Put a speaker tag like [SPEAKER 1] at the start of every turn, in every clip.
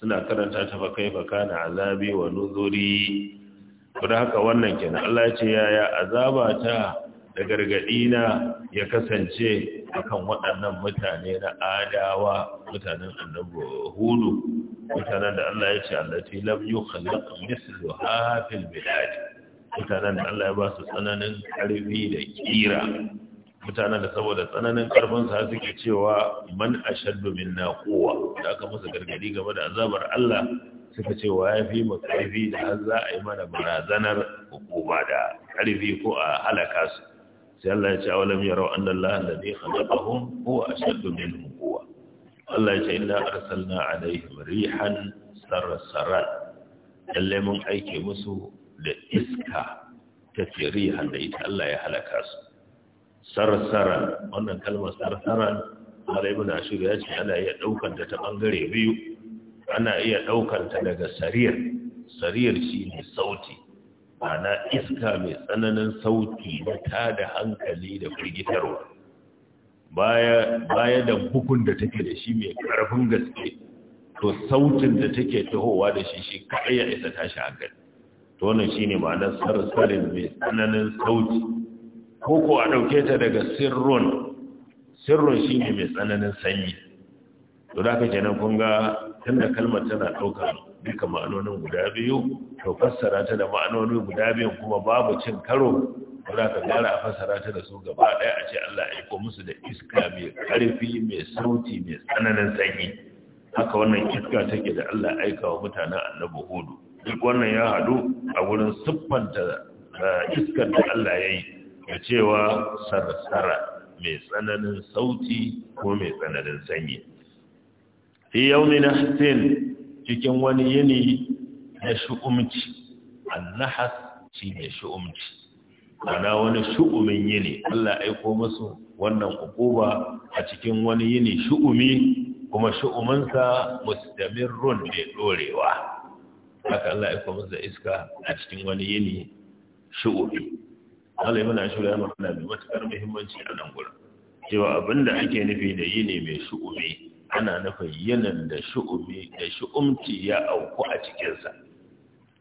[SPEAKER 1] suna karanta ta fa na azabi wa nuzuri kuma haka wannan kenan Allah ya ce yaya azaba ta da gargadi ya kasance akan waɗannan mutane na adawa mutanen annabi hudu mutanen da Allah ya ce allati lam yukhlaq misluha fil bilad mutanen da Allah ya ba su tsananin karfi da kira mutanen da saboda tsananin karfinsa sa suke cewa man ashaddu minna quwwa da aka musu gargadi game da azabar Allah suka ce wa yafi mu karfi da har za a yi mana barazanar hukuma da karfi ko a halaka su sai Allah ya ce awalam yarau anna Allah alladhi khalaqahum huwa ashaddu minhum quwwa Allah ya ce inna arsalna alaihim rihan sarsarat lalle mun aike musu da iska ta ce rihan da ita Allah ya halaka su sarsaran wannan kalmar sarsaran mara ibn ashir ya ce ana iya daukar ta bangare biyu ana iya daukar ta daga sariyar sariyar shine sauti ana iska mai tsananin sauti na tada hankali da firgitarwa baya baya da bukun da take da shi mai karfin gaske to sautin da take tahowa da shi shi kai ya isa tashi hankali to wannan shine ma'anar sarsarin mai tsananin sauti ko ko a ɗauke ta daga sirrun sirrun shi ne mai tsananin sanyi to da aka kenan kun ga tunda kalmar tana ɗauka duka ma'anonin guda biyu to fassara ta da ma'anoni guda biyun kuma babu cin karo ko da ka gara a fassara ta da su gaba ɗaya a ce Allah ya ko musu da iska mai ƙarfi mai sauti mai tsananin sanyi haka wannan iska take da Allah aika wa mutanen annabi hudu duk wannan ya haɗu a wurin siffanta eh, iskar da Allah ya yi da cewa sarsara mai tsananin sauti ko mai tsananin sanyi fi yaumi na hatin cikin wani yini na shu'umci annahas shi ne shu'umci ana wani shu'umin yini Allah aiko masu wannan ukuba a cikin wani yini shu'umi kuma shu'uminsa mustamirrun mai dorewa haka Allah aiko masu da iska a cikin wani yini shu'umi Allah na Ashur ya magana mai matukar muhimmanci a nan gurin cewa abinda ake nufi da yini mai shu'umi ana nufin yinin da shu'umi da shu'umci ya auku a cikinsa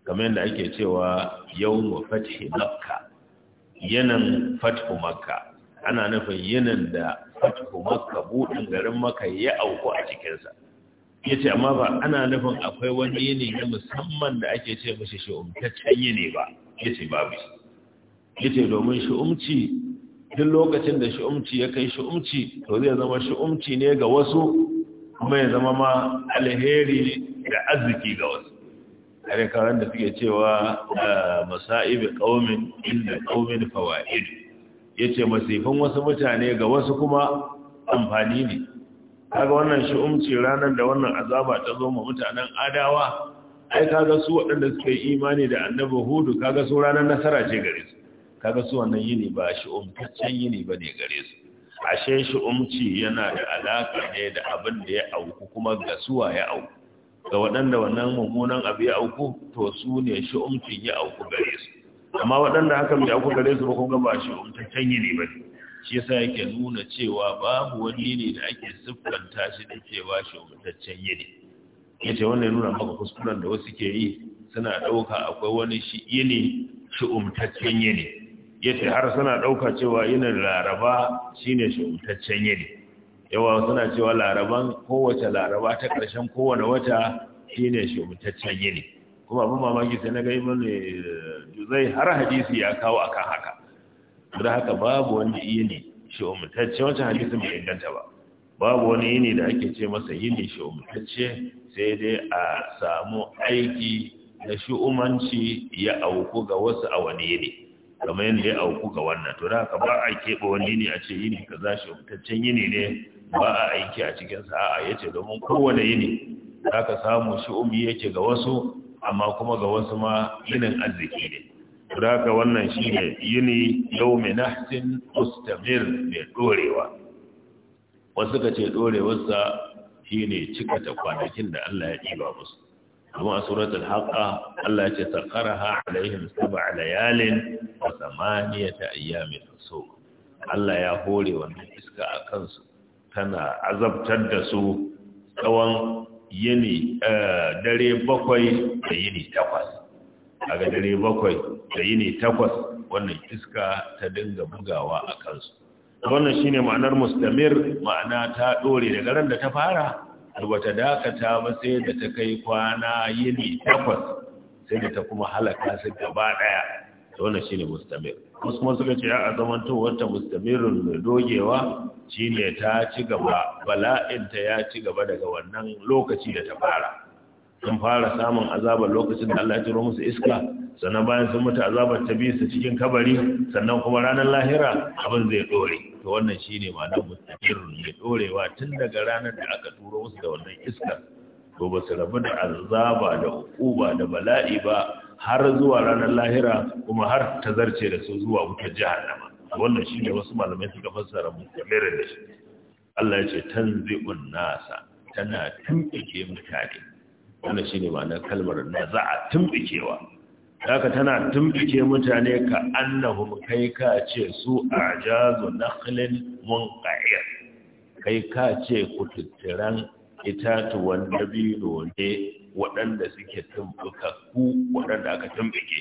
[SPEAKER 1] kamar yadda ake cewa yawmu fathi makka yinin fathu makka ana nufin yinin da fathu makka budin garin makka ya auku a cikinsa ya ce amma ba ana nufin akwai wani yini na musamman da ake ce mashi shi'umtaccen yini ba ya babu shi yace domin shi'umci duk lokacin da shi'umci ya kai shi'umci to zai zama shi'umci ne ga wasu kuma ya zama ma alheri da arziki ga wasu har da suke cewa ah, masa'ibi qaumin inda qaumin fawaid yace masifan wasu mutane ga wasu kuma amfani ne kaga wannan shi'umci ranar da wannan azaba ta zo ma mutanen adawa ai kaga su waɗanda suke yi imani da annabi hudu kaga su ranar nasara ce gare su kaga su wannan yini ba shi umfaccen yini ba ne gare su ashe shi umci yana da alaka ne da abin da ya auku kuma ga suwa ya auku ga waɗanda wannan mummunan abu ya auku to su ne shi ya auku gare su amma waɗanda haka mai auku gare su ba kun ga ba shi umfaccen yini ba ne shi yasa yake nuna cewa babu wani yini da ake siffanta shi da cewa shi umfaccen yini ce wannan nuna maka kuskuren da wasu ke yi suna ɗauka akwai wani shi yini shi umtaccen yini yace har suna dauka cewa yinin laraba shine shuntaccen yini yawa suna cewa laraban kowace laraba ta karshen kowane wata shine shuntaccen yini kuma abin mamaki sai na ga ibn zai har hadisi ya kawo akan haka don haka babu wani yini shuntaccen wancan hadisin mai inganta ba babu wani yini da ake ce masa yini shuntaccen sai dai a samu aiki na shi'umanci ya auku ga wasu a wani yini kamar yadda ya auku ga wannan to da ka ba a keɓe wani yini a ce yini ka za shi fitaccen yini ne ba a aiki a cikin sa a'a yace domin kowane yini Za ka samu shi umi yake ga wasu amma kuma ga wasu ma yinin arziki ne to da ka wannan shine yini yawmi nahsin mustamir mai ɗorewa wasu ka ce shi ne cika ta kwanakin da Allah ya ɗiba musu kuma a suratul haqqa Allah ya ce sakaraha alaihim sab'a layalin wa thamaniyata ayyamin so. Allah ya hore wannan iska a kansu tana azabtar da su tsawon yini eh, dare bakwai da yini takwas a ga dare bakwai da yini takwas wannan iska ta dinga bugawa a kansu wannan shine ma'anar mustamir ma'ana ta dore daga ran da ta fara albata dakata ba sai da ta kai kwana yini takwas sai da ta kuma halaka su gaba daya to wannan shine mustamir wasu kuma suka ce a zamanto wata mustamirin mai dogewa shine ta ci gaba bala'in ya ci gaba daga wannan lokaci da ta fara sun fara samun azabar lokacin da Allah ya turo musu iska sannan bayan sun mutu azabar ta bi su cikin kabari sannan kuma ranar lahira abin zai dore haka wannan shine ma'anar mustaqir mai dorewa tun daga ranar da aka turo musu da wannan iska to ba su rabu da azaba da uba da bala'i ba har zuwa ranar lahira kuma har ta zarce da su zuwa wutar nama wannan shine wasu malamai suka fassara mustaqir da shi Allah ya ce tanzi'un nasa tana tumbike mutane wannan shine ma'anar kalmar na za'a tumbikewa haka tana tumbike mutane ka annahum kai ka ce su ajazu nakhlin munqa'ir kai ka ce kututturan itatuwan dabino ne waɗanda suke ku waɗanda aka tumbike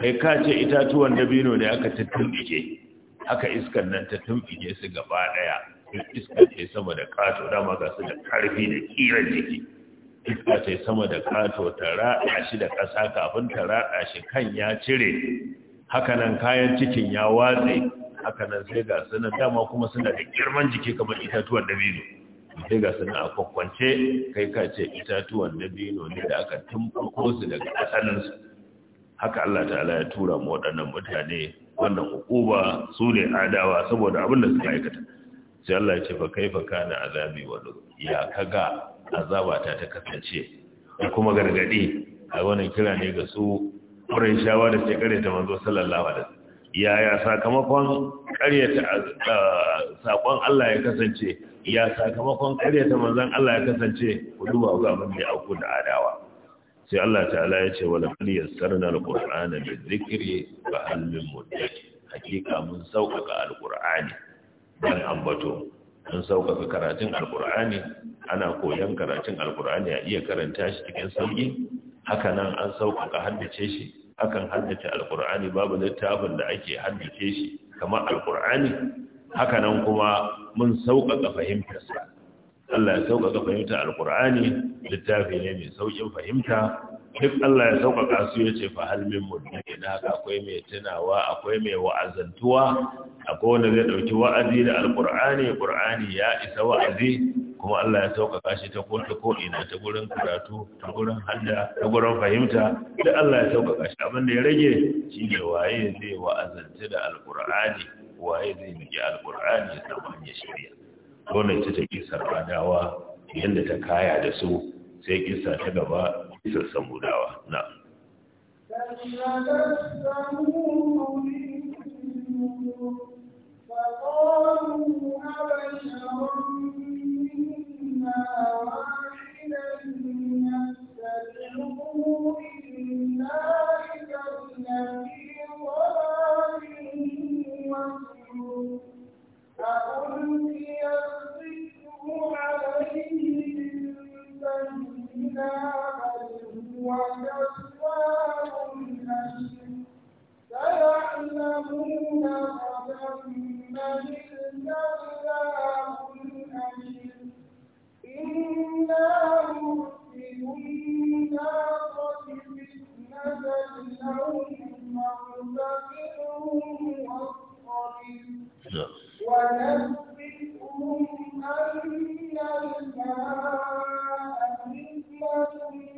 [SPEAKER 1] kai ka ce itatuwan dabino ne aka tumbike haka iskan nan ta tumbike su gaba ɗaya iska ce sama da kato dama ga su da karfi da kiran jiki iska ta sama da kato ta ra'a shi da ƙasa kafin ta ra'a shi kan ya cire hakanan kayan cikin ya watse hakanan sai ga suna dama kuma suna da girman jiki kamar itatuwan dabino sai ga suna a kwakwance kai ka ce itatuwan dabino ne da aka tumfuko su daga asalinsu haka Allah ta'ala ya tura mu waɗannan mutane wannan hukuma su ne adawa saboda abin da suka aikata sai Allah ya ce fa kaifa kana azabi wa ya kaga azabata ta kasance da kuma gargadi a wannan kira ne ga su ƙurin shawa da ke karyata manzo sallallahu alaihi Ya sakamakon karyata ah, sakon Allah ya kasance ya sakamakon karyata manzon Allah ya kasance ku duba ga abin da ya auku da adawa sai Allah ta'ala ya ce wala qul yassarna alqur'ana bizikri fa hal min muddakir hakika mun sauƙaƙa alqur'ani dan ambato an sauƙaƙa karatun Alƙur'ani. ana koyon karatun Alƙur'ani a iya karanta shi cikin sauƙi haka nan an sauƙaƙa haddace shi akan haddace Alƙur'ani babu littafin da ake haddace shi kamar Alƙur'ani. haka nan kuma mun sauƙaƙa fahimtarsa Allah ya sauƙaƙa fahimtar Alƙur'ani. littafi ne mai sauƙin fahimta duk Allah ya sauƙaƙa su ya ce fa halmin mutum da haka akwai mai tunawa akwai mai wa'azantuwa akwai wanda zai ɗauki wa'azi da alƙur'ani ƙur'ani ya isa wa'azi kuma Allah ya sauƙaƙa shi ta kota ko ina ta gurin karatu ta gurin hada ta gurin fahimta duk Allah ya sauƙaƙa shi abin da ya rage shi ne waye zai wa'azanci da alƙur'ani waye zai miƙi alƙur'ani ya samu hanyar shari'a dole ita ta kisar adawa yadda ta kaya da su sai kisa ta gaba bisa samu dawa na
[SPEAKER 2] Thank you. ونبئهم أن الماء مثلة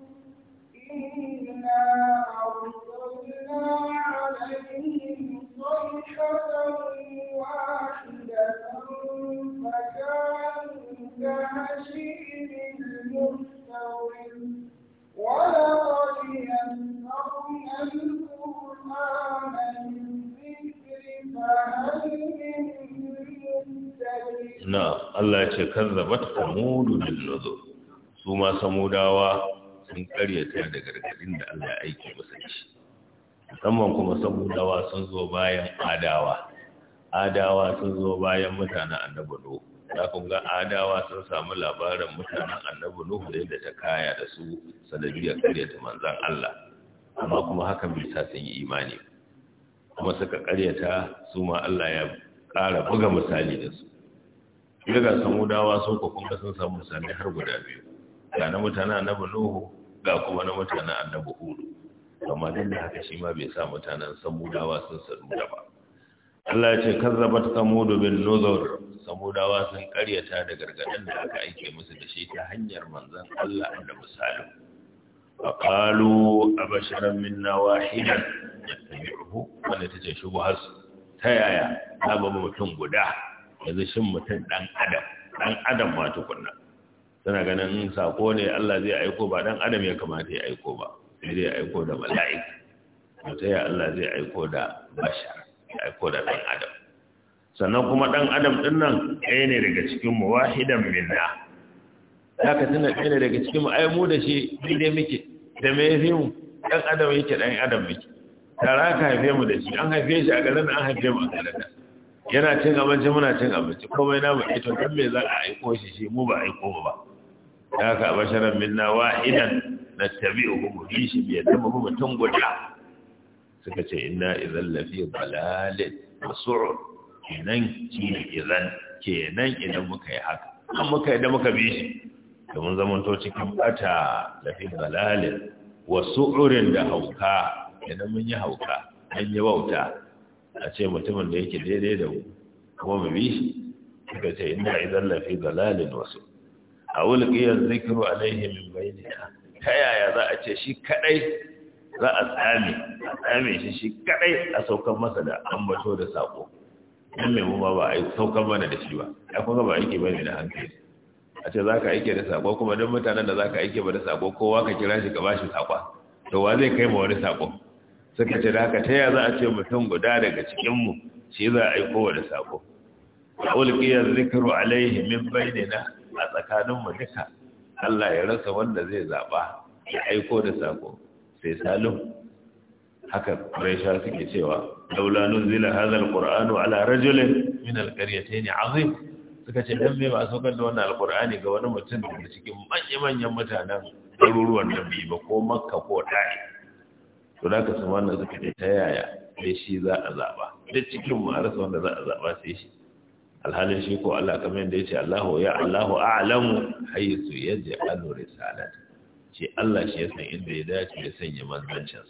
[SPEAKER 1] kazzabat samudu bil nuzur su ma samudawa sun karyata da gargadin da Allah ya aike musu shi musamman kuma samudawa sun zo bayan adawa adawa sun zo bayan mutanen annabi nuhu da kun ga adawa sun samu labarin mutanen annabi nuhu da yadda ta kaya da su sanadiyar karyata manzon Allah amma kuma haka bai sa sun yi imani kuma suka karyata su ma Allah ya ƙara buga misali da su daga samudawa sun ku kun sun samu sani har guda biyu ga na mutanen annabi nuhu ga kuma na mutanen annabu hudu amma duk da haka shi ma bai sa mutanen samudawa sun da ba Allah ya ce kazzabat samudu bin nuzur samudawa sun karyata da gargadin da aka aike musu da shi ta hanyar manzon Allah da salim faqalu abasharan minna wahidan yattabi'uhu wanda tace shubuhas ta yaya babu mutum guda yanzu shin mutum dan adam dan adam ma tukunna suna ganin sako ne Allah zai aiko ba dan adam ya kamata ya aiko ba sai dai aiko da mala'ika to ya Allah zai aiko da bashar ya aiko da dan adam sannan kuma dan adam din nan ɗaya ne daga cikin mu wahidan minna haka tana ɗaya ne daga cikin mu ai mu da shi dai muke da me yafi mu dan adam yake dan adam muke tara ka haife mu da shi an haife shi a garin an haife mu a garin yana cin abinci muna cin abinci komai na mu ito eh, dan me za a aiko shi shi mu ba aiko ba ba da haka basharan minna wahidan nattabi'uhu mu bi shi bi yadda mu mutum guda suka ce inna idan lafi balalin masu'ur kenan ki idan kenan idan muka yi haka an muka idan muka bi shi domin to cikin bata lafi balalin su'urin da hauka idan mun yi hauka an yi wauta a ce mutumin da yake daidai da kuma mu bi shi suka ce a idan lafi dalalin wasu a wulƙiyar zikiru alaihi min bayyana ta yaya za a ce shi kaɗai? za a tsami a tsami shi shi kaɗai a saukan masa da ambato da saƙo. dan mai ba ba a yi saukan mana da shi ba ya kuma ba aiki bane da hankali a ce za ka aike da saƙo? kuma don mutanen da za ka aike ba da saƙo, kowa ka kira shi ka ba shi sakwa to wa zai kai ma wani saƙo. suka ce da haka ta ya za a ce mutum guda daga cikinmu shi za a aiko wa da sako a ulkiyar zikiru alaihi min bainina a tsakaninmu duka Allah ya rasa wanda zai zaɓa ya aiko da sako sai salim haka sha suke cewa laula zila hadha alqur'anu ala rajulin min alqaryatayn azim suka ce dan me ba kan da wannan alqur'ani ga wani mutum da cikin manyan manyan mutanen garuruwan da ba ko makka ko ta'i to da ka samu wannan suka ta yaya sai shi za a zaɓa duk cikin mu a wanda za a zaɓa sai shi alhalin shi ko Allah kamar yadda ya ce Allahu ya Allahu a'lamu haythu yaj'alu risalata ce Allah shi ya san inda ya dace ya sanya manzancin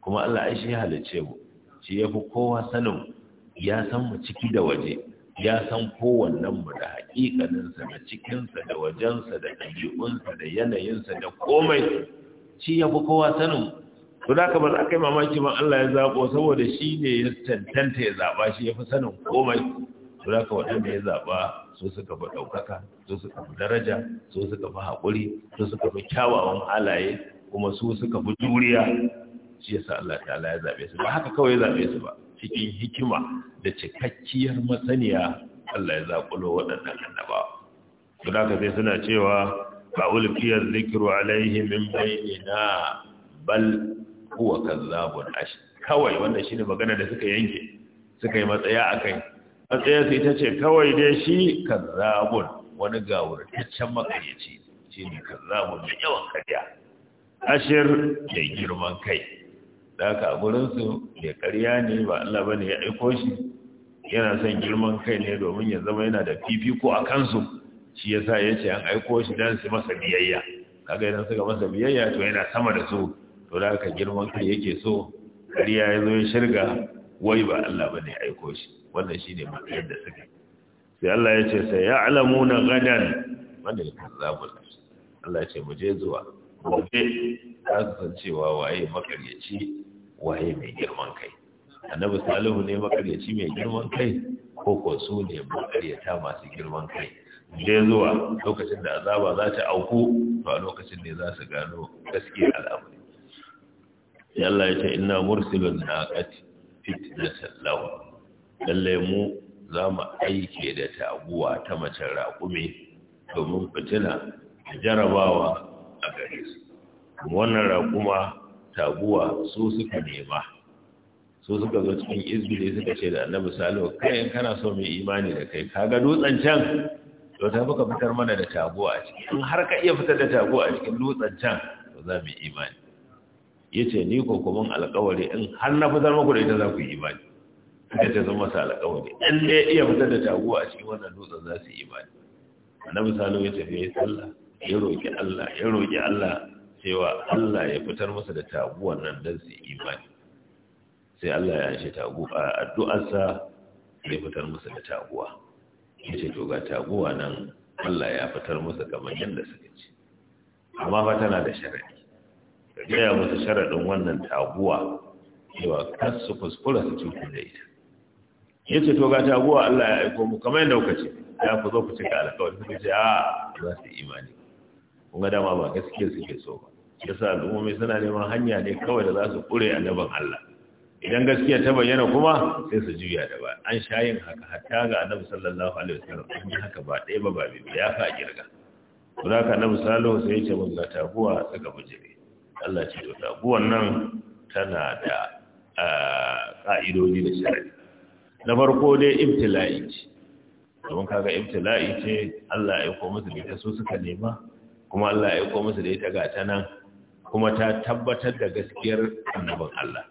[SPEAKER 1] kuma Allah ai shi halice mu shi fi kowa sanin ya san mu ciki da waje ya san kowannen mu da hakikanin sa da cikin da wajen da ɗabi'unsa, sa da yanayin da komai shi fi kowa sanin to da ka ba za ka yi mamaki ma Allah ya zaɓo saboda shi ne ya tantanta ya zaɓa shi ya fi sanin komai to da ka waɗanda ya zaɓa su suka fi ɗaukaka su suka fi daraja su suka fi haƙuri su suka fi kyawawan halaye kuma su suka fi juriya shi yasa Allah ta'ala ya zaɓe su ba haka kawai ya zaɓe su ba cikin hikima da cikakkiyar masaniya Allah ya zaƙulo waɗannan annabawa. da ka sai suna cewa ba ulfiyar zikiru alaihi min bayyana bal huwa kazzabun ash kawai wannan shine magana da suka yanke suka yi matsaya akai matsayar sai ta ce kawai dai shi kazzabun wani gawurtaccen makayyaci shine kazzabun da yawan karya ashir da girman kai da ka a gurinsu mai karya ne ba Allah bane ya aiko shi yana son girman kai ne domin ya zama yana da fifiko a kansu shi yasa yace an aiko shi dan su masa biyayya kaga idan suka masa biyayya to yana sama da su to da aka girman kai yake so ƙarya ya zo ya shirga wai ba Allah bane aiko shi wannan shine matsayin da suka sai Allah ya ce sai ya'lamuna gadan wanda ya kazzabul Allah ya ce mu je zuwa gobe za su san cewa waye makaryaci waye mai girman kai annabi salihu ne makaryaci mai girman kai ko ko su ne makaryata masu girman kai je zuwa lokacin da azaba za ta auku to a lokacin ne za su gano gaskiyar al'amari sai Allah ya ce ina na ƙati fitnatan lahu lalle mu za mu aike da taguwa ta macen raƙumi domin fitina da jarabawa a gare su wannan raƙuma taguwa su suka nema su suka zo cikin izbili suka ce da annabi salihu kai kana so mai imani da kai Ka ga dutsen can to ta fuka fitar mana da taguwa a ciki in har ka iya fitar da taguwa a cikin dutsen can to za mu yi imani yace ni ko kuma alƙawari in har na fitar muku da ita za ku yi imani suka ce zama masa alƙawari in dai iya fitar da taguwa a cikin wannan dutsen za su yi imani na misali ya tafi yayi sallah ya roki Allah ya roki Allah cewa Allah ya fitar masa da tagu nan dan su yi imani sai Allah ya shi tagu a addu'arsa ya fitar masa da taguwa ce to ga taguwa nan Allah ya fitar masa kamar yadda suka ce amma fa tana da sharadi gaya musu sharaɗin wannan taguwa cewa kan su kuskura su cutar da ita ya ce to ga taguwa Allah ya aiko mu kamar yadda kuka ce ya ku zo ku cika alƙawari kuka ce a za su imani kun ga dama ba gaskiya suke so ba Ya sa al'ummomi suna neman hanya ne kawai da za su kure annaban Allah idan gaskiya ta bayyana kuma sai su juya da ba an sha yin haka hatta ga annabi sallallahu alaihi wasallam an yi haka ba ɗaya ba ba biyu ya fa girga to da ka annabi sallallahu sai ya ce mun ga taguwa suka bujire Allah ce to taguwan nan tana da ƙa'idodi da shari’i. na farko dai ibtila'i ce domin kaga ibtila'i ce Allah ya aiko musu da ita so suka nema kuma Allah ya aiko musu da ita ga ta nan kuma ta tabbatar da gaskiyar annabin Allah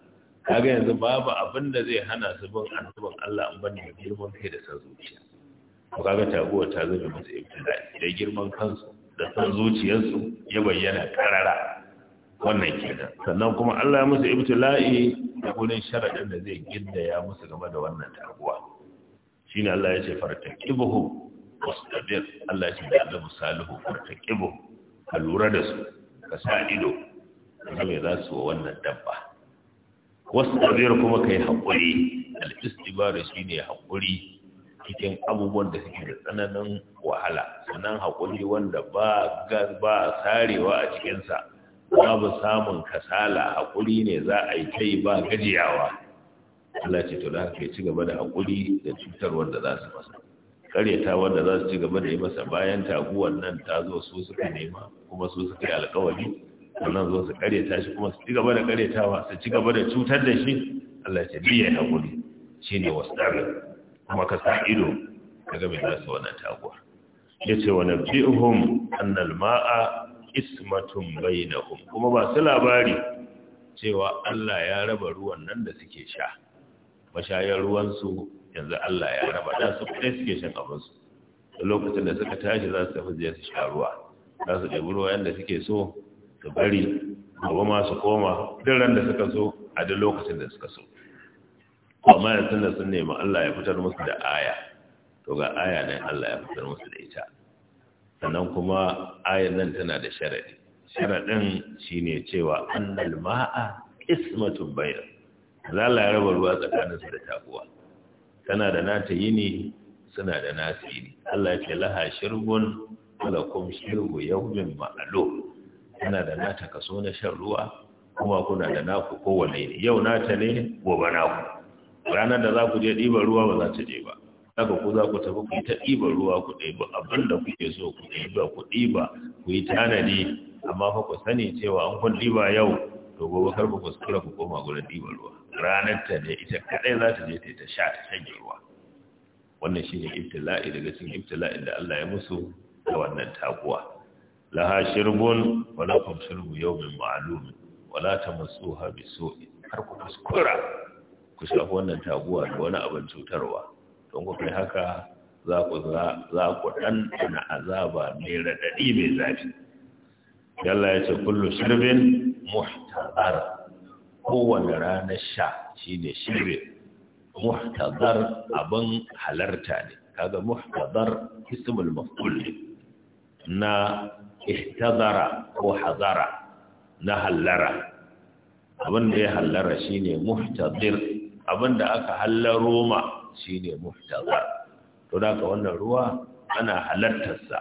[SPEAKER 1] kaga yanzu babu abin da zai hana su bin annabin Allah in banda girman kai da san zuciya to kaga taguwa ta zama masu ibtila'i da girman kansu da san zuciyarsu ya bayyana ƙarara. wannan kenan sannan kuma Allah ya musu ibtila'i da gurin sharadin da zai gidda ya musu game da wannan taguwa shine Allah ya ce fartaqibuhu wastabir Allah ya ce da Allah salihu fartaqibuhu ka da su ka sa ido kuma me za su wannan dabba wastabir kuma kai hakuri al istibara shine hakuri cikin abubuwan da suke da tsananin wahala sannan hakuri wanda ba ba sarewa a cikin sa babu samun kasala haƙuri ne za a yi kai ba gajiyawa Allah ce to da haka ya ci gaba da haƙuri da cutar wanda za su masa karyata wanda za su ci gaba da yi masa bayan taguwar nan ta zo su suka nema kuma su suka yi alƙawari. Wannan zo su karyata shi kuma su ci gaba da karyatawa su ci gaba da cutar da shi Allah ce biya haƙuri shi ne wasu kuma ka sa ido ka ga mai za su wannan taguwar ya ce wa nabi'uhum annal ma'a ismatun bainahum kuma ba su labari cewa Allah ya raba ruwan nan da suke sha mashayar ruwansu yanzu Allah ya raba da su kai suke shan abinsu lokacin da suka tashi za su tafi zai su sha ruwa za su ɗabi ruwa yadda suke so su bari gaba masu koma duk ran da suka so a duk lokacin da suka so amma yanzu sun nemi Allah ya fitar musu da aya to ga aya ne Allah ya fitar musu da ita sannan kuma ayar nan tana da sharadi sharadin shine cewa annal ma'a ismatu bayr zalla ya raba ruwa tsakanin su da tabuwa tana da nata yini suna da nasu yini Allah ya ce laha shirbun walakum shirbu yawmin ma'lum tana da nata kaso na shan ruwa kuma kuna da naku kowane yau nata ne gobe naku ranar da za ku je ɗiba ruwa ba za ta je ba haka ku za ku tafi ku yi ta ɗiba ruwa ku ɗiba abin da kuke so ku ɗiba ku ɗiba ku yi tanadi amma fa ku sani cewa an kun ɗiba yau to gobe kar ku kuskura ku koma gurin ɗiba ruwa ranar ta ne ita kaɗai za ta je ta ta sha ta shanye ruwa wannan shi ne ibtila'i daga cikin ibtila'in da Allah ya musu da wannan taguwa laha shirbun wala kum shirbu yawmin ma'lum wala tamassuha bisu'in har ku kuskura ku shafi wannan taguwa da wani abin cutarwa don ku kai haka za ku za ku azaba mai raɗaɗi mai zafi yalla ya ce kullu shirbin muhtazar kowane ranar sha shine shirbin muhtazar abin halarta ne kaga muhtazar ismul maf'ul na ihtazara ko hazara na hallara abin da ya hallara shine muhtadir abin da aka hallaro ma Shi ne muhtaza to da ka wannan ruwa ana halartarsa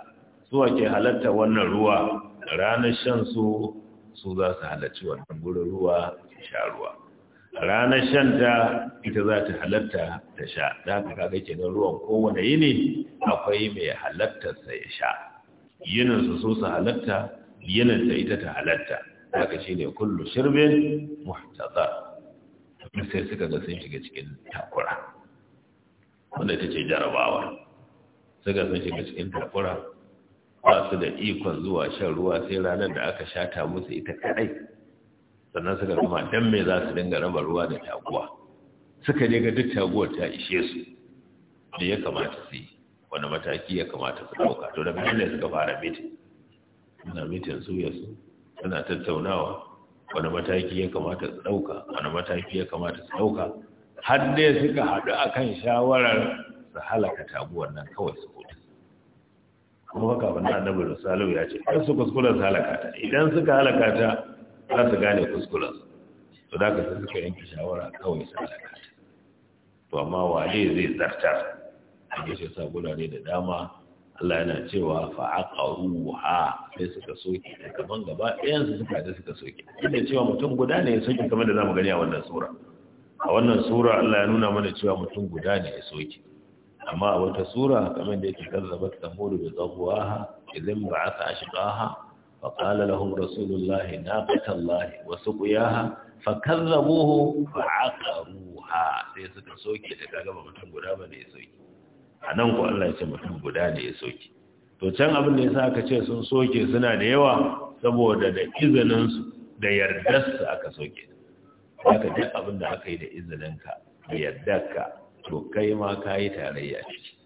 [SPEAKER 1] su ake halarta wannan ruwa ranar shan su su za su halarci wannan gurin ruwa sha ruwa ranar shan ta ita za ta halarta ta sha da ka kaga kenan ruwan kowane yini akwai mai halartarsa ya sha yinin su su halarta yinin ta ita ta halarta haka ne kullu shirbin muhtaza sai suka ga sun shiga cikin takura wanda ita ce jarabawa suka sun shiga cikin takura ba su da ikon zuwa shan ruwa sai ranar da aka shata musu ita kadai sannan suka kuma dan me za su dinga raba ruwa da taguwa suka je ga duk taguwar ta ishe su me ya kamata su yi wani mataki ya kamata su dauka to daga nan ne suka fara mitin suna mitin su ya su suna tattaunawa wani mataki ya kamata su dauka wani mataki ya kamata su dauka har dai suka haɗu a kan shawarar su halaka taguwar nan kawai su kuta
[SPEAKER 2] kuma haka wani annabi
[SPEAKER 1] rusalu ya ce kar su kuskuren su halaka idan suka halaka ta za su gane kuskuren to da ka sai suka yanke shawara kawai su halaka to amma waje zai zartar da shi sa gurare da dama Allah yana cewa fa'aqaruha sai suka soke gaba ɗayan suka suka soke inda cewa mutum guda ne ya soke kamar da zamu gani a wannan sura a wannan sura Allah ya nuna mana cewa mutum guda ne ya soke amma a wata sura kamar da yake kazzaba mulu da zawwaha idan ba'atha ashqaha fa qala lahum rasulullahi allah wa suqiyaha fa aqaruha sai suka soke da kaga mutum guda ba ne ya soke anan ko Allah ya ce mutum guda ne ya soke to can abin da yasa aka ce sun soke suna da yawa saboda da izinin su da yardarsa aka soke haka duk abin da aka yi da izininka da ka to kai ma ka yi tarayya ciki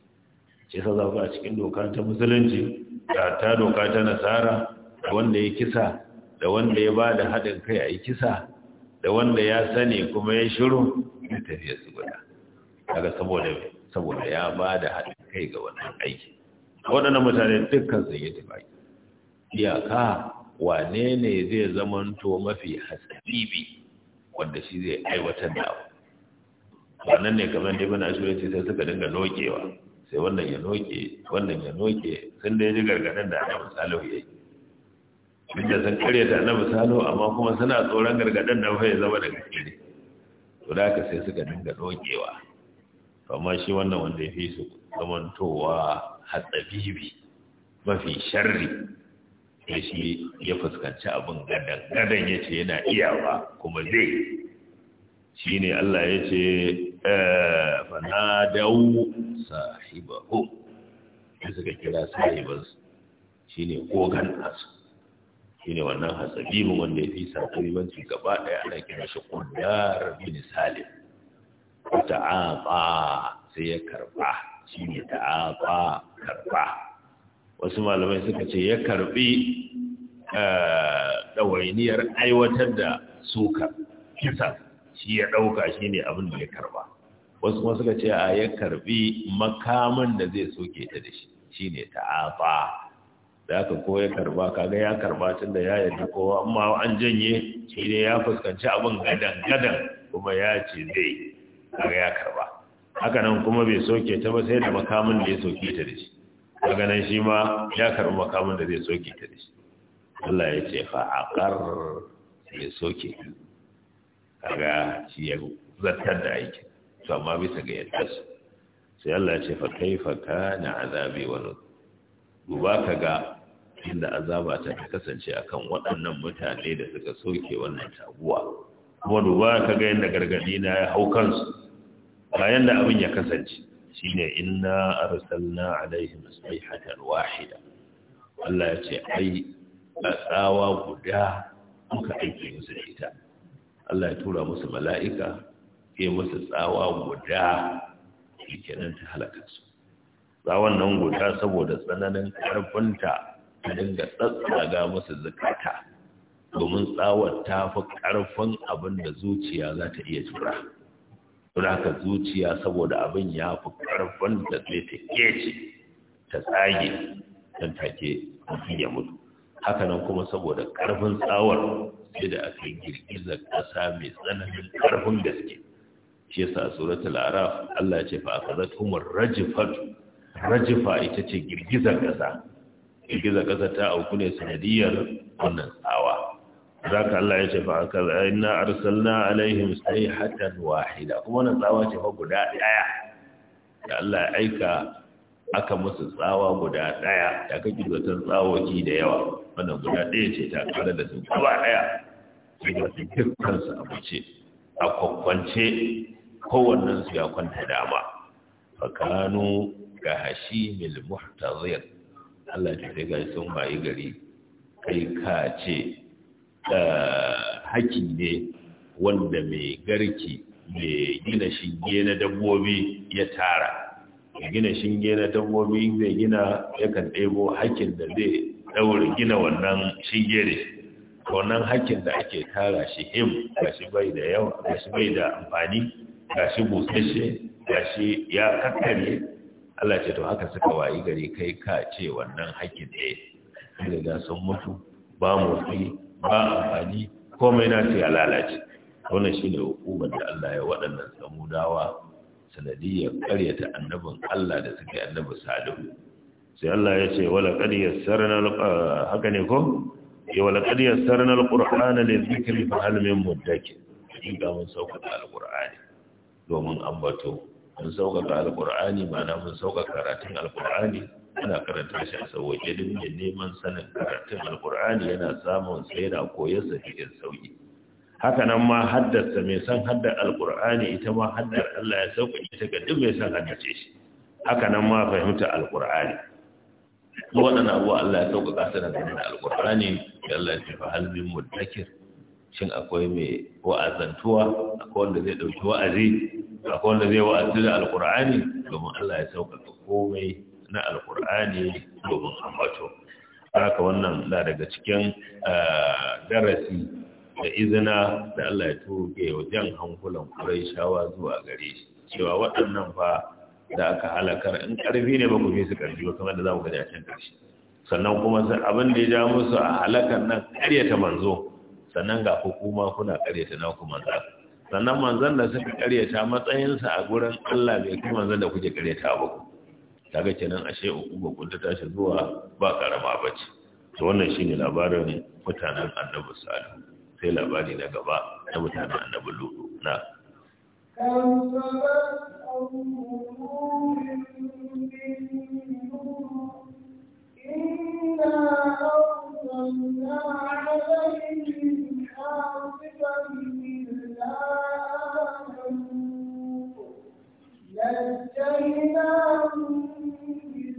[SPEAKER 1] ce sa za ku a cikin doka ta musulunci da ta doka ta nasara da wanda ya kisa da wanda ya ba da haɗin kai a yi kisa da wanda ya sani kuma ya shiru ya tafiya su guda daga saboda saboda ya ba da haɗin kai ga wannan aiki waɗannan mutane dukkan sun yi tafi iyaka wane ne zai zamanto mafi hasabibi wanda shi zai aiwatar da abu wannan ne kamar da ibn ashur ce sai suka dinga nokewa sai wannan ya noke wannan ya noke sun da yaji gargadin da annabi salihu yayi inda sun kare da annabi salihu amma kuma suna tsoron gargadin da bai zama daga gaskiya to da haka sai suka dinga nokewa amma shi wannan wanda ya fi su zamantowa hatsabibi mafi sharri sai shi ya fuskanci abin gadan gadan ya ce yana iyawa kuma zai shi ne Allah ya ce eh, Fana sahiba ko? Ya suka kira sahibansu shi ne kogan nasu shi ne wannan hasabibin wanda ya fi sakaribanci gaba ɗaya ana kira shi kundar bin salim ta'afa sai ya karba shi ne ta'afa karba wasu malamai suka ce ya karbi eh, ɗawainiyar aiwatar da suka kisa shi ya ɗauka shi ne abin da ya karba wasu kuma suka ce a ya karbi makaman da zai soke ta da shi shi ne ta'afa da aka ko ya karba kaga ya karba tun da ya yadda kowa amma an janye shi ne ya fuskanci abin gadan gadan kuma ya ce zai kaga ya karba haka nan kuma bai soke ta ba sai da makamin da ya soke ta da shi daga shi ma ya karɓi makamin da zai soke ta da shi Allah ya ce fa aqar ya soke kaga shi ya zartar da aiki to amma bisa ga yadda su sai Allah ya ce fa kaifa kana azabi wa Guba ka ga inda azaba ta kasance akan waɗannan mutane da suka soke wannan taguwa kuma duba ka ga yadda gargadi na ya hau kansu bayan da abin ya kasance shine inna arsalna alaihim sayhatan wahida Allah yace, ai tsawa guda muka aiki musu ita Allah ya tura musu mala'ika ya musu tsawa guda kenan ta halaka su tsawon nan guda saboda tsananin karfinta ta dinga tsatsaga musu zakata domin tsawar ta fi karfin abin da zuciya za ta iya tura don haka zuciya saboda abin ya fi karfin da zai ta kece ta tsage don take mafi ya mutu hakanan kuma saboda ƙarfin tsawar sai da aka girgizar ƙasa mai tsananin karfin gaske shi yasa suratul araf Allah ya ce fa aka akhadathumur rajfatu rajifa ita ce girgizar ƙasa girgizar ƙasa ta auku ne sanadiyar wannan tsawa zaka Allah ya ce fa akala inna arsalna alaihim sayhatan wahida kuma na tsawa ce fa guda daya da Allah ya aika aka musu tsawa guda daya da kake zaton tsawoki da yawa wannan guda daya ce ta kare da su gaba daya sai da su kirkansu a buce a kokwance kowannen su ya kwanta dama kanu ga hashimil muhtazir Allah ya ce ga sun bayi gari kai ka ce Eh, haki ne wanda mai garki mai gina shinge na dabbobi ya tara mai gina shinge na dabbobi zai gina yakan ɗebo haƙƙin da zai ɗaure gina wannan shinge ne wannan haƙƙin da ake tara shi him ga shi bai da yawa ga shi bai da amfani ga shi busasshe ga shi ya kakkare Allah ce to haka suka wayi gari kai ka ce wannan hakin ne da sun mutu ba motsi ba amfani komai na ya lalace wannan shi ne hukumar da Allah ya waɗannan samudawa sanadiyyar ƙaryata annabin Allah da suke annabi salihu sai Allah ya ce wala ƙaryar sarana ah, haka ne ko? ya eh, wala ƙaryar sarana al-ƙur'ana da zikiri halmin muddaki ga mun sauƙaƙa al-ƙur'ani domin ambato mun sauƙaƙa al-ƙur'ani ma'ana mun saukaka karatun al-ƙur'ani ana karanta shi a sauwaƙe duk mai neman sanin karatun alkur'ani yana samun tsira koyarsa cikin sauƙi haka nan ma haddarsa mai san haddar alkur'ani ita ma haddar Allah ya sauƙaƙe ita ga duk mai san haddace shi haka nan ma fahimta alkur'ani duk waɗannan abuwa Allah ya sauƙa ƙasa da ganin alkur'ani ya Allah ya tafi halbin muddakir shin akwai mai wa'azantuwa akwai wanda zai ɗauki wa'azi akwai wanda zai wa'azi da alkur'ani domin Allah ya sauƙaƙa komai na alkur'ani domin ambato haka wannan na daga cikin ah, darasi da izina da Allah ya toge wajen hankulan kurai shawa zuwa gare shi cewa waɗannan fa da aka halakar in ƙarfi ne ba ku fi su ƙarfi ba kamar da za mu gani a can ƙarshe sannan kuma abin da ya ja musu a halakar nan ƙaryata manzo sannan ga ku kuma kuna ƙaryata naku manzo sannan manzan da suka ƙaryata matsayinsa a gurin Allah bai kuma manzan da kuke ƙaryata ba ku kaga kenan ashe uba kunta tashi zuwa ba karama bace to wannan shine labarin mutanen annabi salihu sai labari na gaba na mutanen annabi lutu na
[SPEAKER 2] Thank you.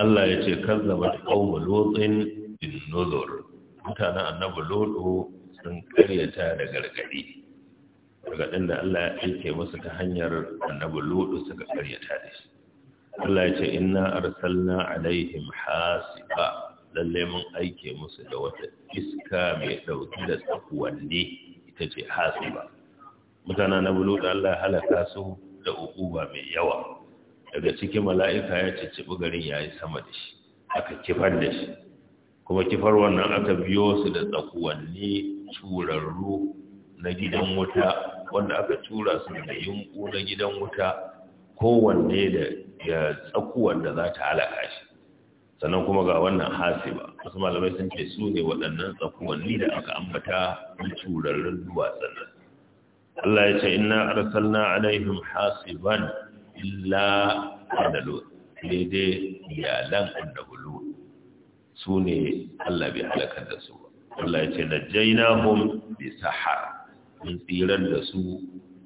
[SPEAKER 2] Allah ya ce kazzaba
[SPEAKER 1] qauma lutin bin nuzur mutanen annabi lutu sun karyata da gargadi gargadin da Allah ya aike musu ta hanyar annabi lutu suka karyata da shi Allah ya ce inna arsalna alaihim hasiba lalle mun aike musu da wata iska mai dauki da tsakuwanne ita ce hasiba mutanen annabi lutu Allah halaka su da ukuba mai yawa daga cikin mala'ika ya cicciɓi garin ya yi sama da shi aka kifar da shi kuma kifar wannan aka biyo su da tsakuwanni turarru na gidan wuta wanda aka tura su da yunku na gidan wuta kowanne da ya tsakuwan da za ta halaka shi sannan kuma ga wannan hasiba wasu malamai sun ce su ne waɗannan tsakuwanni da aka ambata na turarrun duwatsan Allah ya ce inna arsalna alaihim hasiban illa annalu sai dai iyalan annabulu su ne Allah bai halakar da su Allah ya ce najainahum bi sahar mun tsiran da su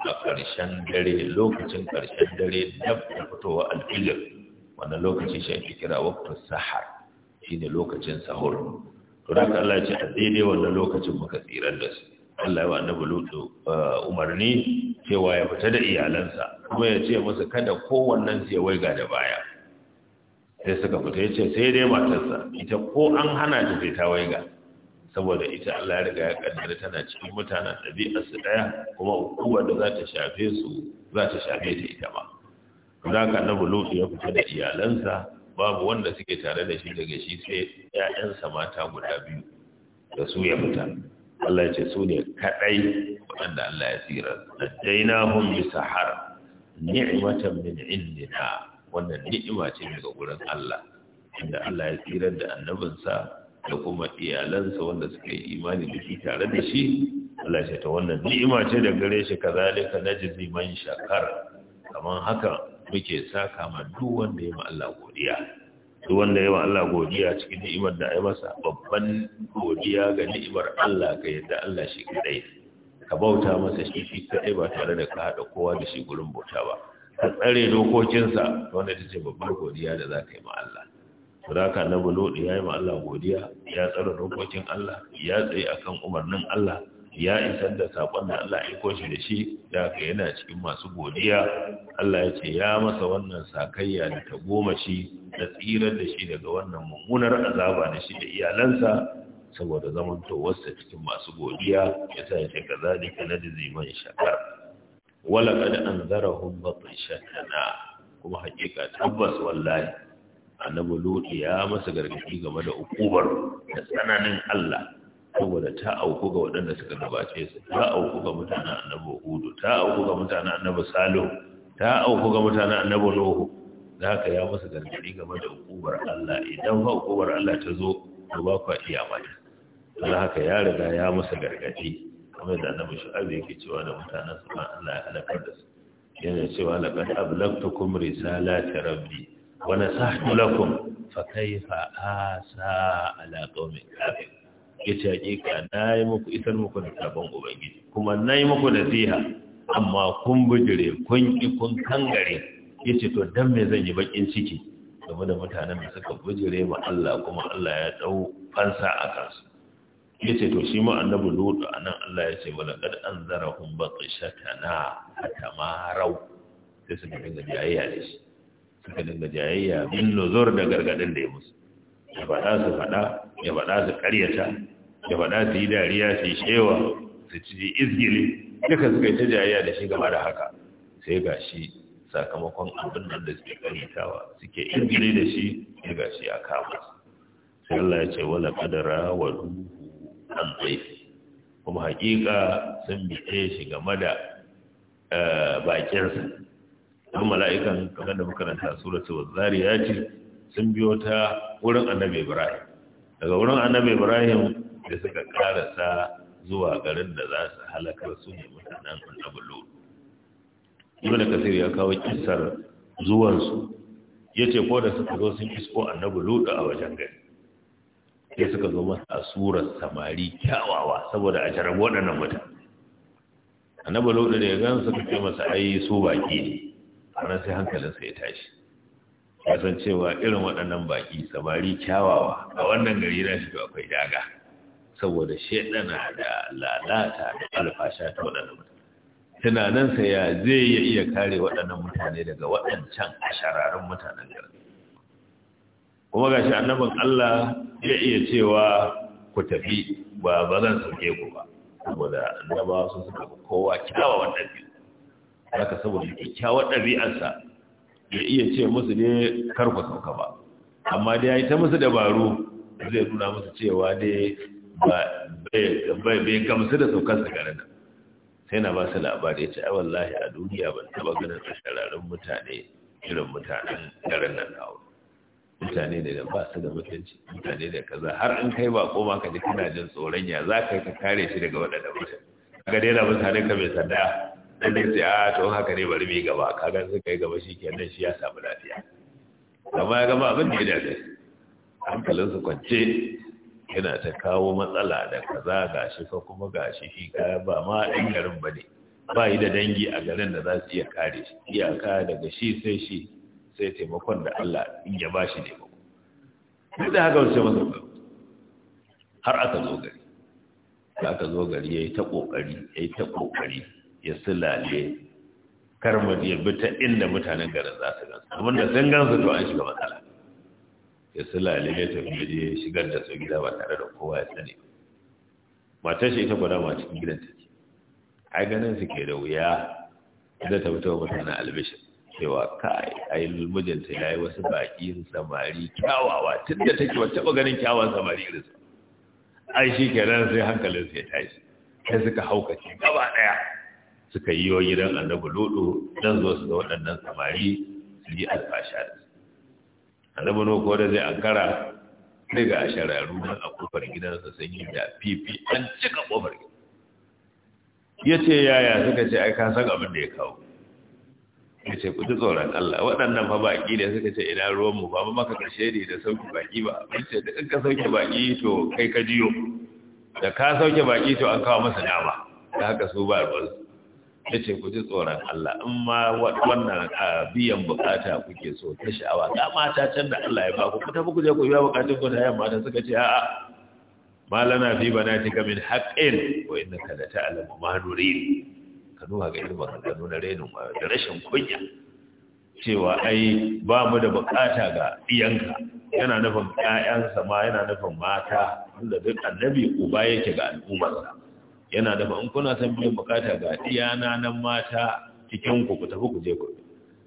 [SPEAKER 1] a karshen dare lokacin ƙarshen dare dab da fitowa alfijir wannan lokaci shi ake kira waqtus sahar shine lokacin sahur to da Allah ya ce a daidai wannan lokacin muka tsiran da su Allah ya wa annabi Lutu eh, umarni cewa ya fita da iyalansa kuma ya ce masa kada kowannen ya waiga da baya sai suka fita ya ce sai dai matarsa ita ko an hana ta sai ta waiga saboda ita Allah ya riga ya kaddara tana cikin mutanen ɗabi'ar su ɗaya kuma hukumar da za ta shafe su za ta shafe ta ita ba. za ka annabi Lutu ya fita da iyalansa babu wanda suke tare da shi daga shi sai ‘ya'yansa mata guda biyu da su ya fita Allah ce su ne kaɗai waɗanda Allah ya tsira da dainahun bisa har ni'imatan min indina wannan ni'ima ce ga wurin Allah inda Allah ya tsira da annabinsa da kuma iyalansa wanda suka yi imani da shi tare da shi Allah ce ta wannan ni'ima ce da gare shi kazalika najzi man shakar Kamar haka muke saka ma duk wanda ya ma Allah godiya duk wanda yawa Allah godiya cikin ni'imar da ai masa babban godiya ga ni'imar Allah ga yadda Allah shi kadai ka bauta masa shi shi kadai ba tare da ka hada kowa da shi gurin bauta ba ka tsare dokokinsa wanda ta ce babbar godiya da za ka yi ma Allah Suraka na bulodi ya yi ma Allah godiya ya tsare dokokin Allah ya tsaye akan umarnin Allah ya isar da saƙon da Allah ya koshi da shi da haka yana cikin masu godiya Allah ya ce ya masa wannan sakayya da ta goma shi da tsirar da shi daga wannan mummunar azaba da shi da iyalansa saboda zamantowarsa cikin masu godiya ya sa ya ce ka zalika na diziman shakar wala da an batun shakana kuma hakika tabbas wallahi annabi lutu ya masa gargaɗi game da ukubar da tsananin Allah saboda ta auku ga waɗanda suka gabace su ta auku ga mutanen annabi hudu ta auku ga mutanen annabi salo, ta auku ga mutanen annabi nuhu da haka ya musu gargaɗi game da hukumar Allah idan fa hukumar Allah ta zo to ba ku iya mata za haka ya riga ya musu gargaɗi kuma da annabi shu'aib yake cewa da mutanen su Allah ya halakar da su yana cewa laqad ablagtukum risalati rabbi wa nasahtu lakum fa kayfa asa ala qaumin kafirin ya ce hakika na yi muku isar muku da sabon ubangiji kuma na yi muku siha amma kun bujire kun ki kun kangare ya ce to dan me zan yi bakin ciki game da mutanen da suka bujire ma Allah kuma Allah ya dau fansa a kansu ya ce to shi ma annabi lutu a nan Allah ya ce wala kad an zara hun na a tamarau sai suka dinga jayayya da shi suka dinga jayayya bin nuzur da gargadin da ya musu ya faɗa su faɗa ya faɗa su ƙaryata da faɗa su yi dariya su yi shewa su ci izgili duka suka yi ta jariya da shi gaba da haka sai ga shi sakamakon abin nan da suke karitawa suke izgili da shi sai ga shi a kama sai Allah ya ce wala kadara wa duhu an zai kuma hakika sun bice shi game da eh, bakinsa don mala'ikan kamar da makaranta suratul ce. sun biyo ta wurin annabi Ibrahim daga wurin annabi Ibrahim da suka karasa zuwa garin da za su halakar su ne mutanen annabulu ibn kasir ya kawo kissar zuwansu yace ko da suka zo sun isko annabulu a wajen gari sai suka zo masa a surar samari kyawawa saboda a jarabi waɗannan mutane annabulu da ya gan suka ce masa ai su baki ne ranar sai sa ya tashi ya san cewa irin waɗannan baki samari kyawawa a wannan gari na shi akwai daga saboda shaidana da lalata da alfasha ta waɗannan mutane tunaninsa ya zai ya iya kare waɗannan mutane daga waɗancan ashararun mutanen garin kuma gashi annabin Allah ya iya cewa ku tafi ba ba zan sauke ku ba saboda annaba sun suka fi kowa kyawawan ɗabi'u haka saboda kyakkyawar ɗabi'arsa ya iya ce musu ne kar ku sauka ba amma dai ya yi ta musu dabaru zai nuna musu cewa dai bai gamsu da saukar su garin sai na ba su labari ya ce a wallahi a duniya ban taba ganin tsararrun mutane irin mutanen garin nan na wuri mutane da ba su da mutunci mutane da kaza har in kai ba koma ka ji kana jin tsoron ya za ka yi ka kare shi daga waɗanda mutane ka daina mutane ka mai sanda dan ne sai a ah, to haka ne bari mai gaba ka ga suka kai gaba shi ke nan shi ya samu lafiya amma ya gama abin da ya dace hankalinsu kwance yana ta kawo matsala da kaza gashi ko kuma gashi shi ka ba ma ɗan garin ba ne ba yi da dangi a garin da za su iya kare shi iyaka daga shi sai shi sai taimakon da Allah in ya ba shi taimako duk da haka wasu masa ba har aka zo gari aka zo gari ya yi ta ƙoƙari ya yi ta ƙoƙari ya sulale karmar ya bi ta inda mutanen garin za su gansu abinda sun gansu to an shiga matsala ya sulale ya tafi je shigar da su gida ba tare da kowa ya sani matar shi ita kwada ma cikin gidan ce ai ganin su ke da wuya idan ta fito na albishir cewa kai yi mijinta ya yi wasu baƙi samari kyawawa tun da take wata taɓa ganin kyawawan samari irinsa ai shi kenan sai hankalin su ya tashi sai suka haukace gaba ɗaya suka yi wa gidan annabi lodo don zo su ga waɗannan samari su yi alfasha da su annabi no ko da zai ankara sai ga shararu don a kofar gidansa sun yi da fifi an cika kofar Ya ce yaya suka ce ai ka san abin da ya kawo ya ku ji tsoron Allah waɗannan fa baƙi da suka ce ina ruwan mu ba maka karshe ne da sauki baƙi ba ce da ka sauke baƙi to kai ka jiyo da ka sauke baƙi to an kawo masa dama da haka su ba ruwan ya ce ku ji tsoron Allah in ma wannan biyan bukata kuke so ta sha'awa ta mata can da Allah ya ba ku kuta ku je ku biya bukatun ku ta. yamma da suka ce a'a ma lana fi banatika min haqqin wa innaka la ta'lamu ma nurid ka nuna ga irin ka nuna renin da rashin kunya cewa ai ba mu da bukata ga iyanka yana nufin ƴaƴansa ma yana nufin mata wanda duk annabi uba yake ga al'ummarsa yana da ban kuna san biyan bukata ga iyana nan mata cikin ku ku tafi ku je ku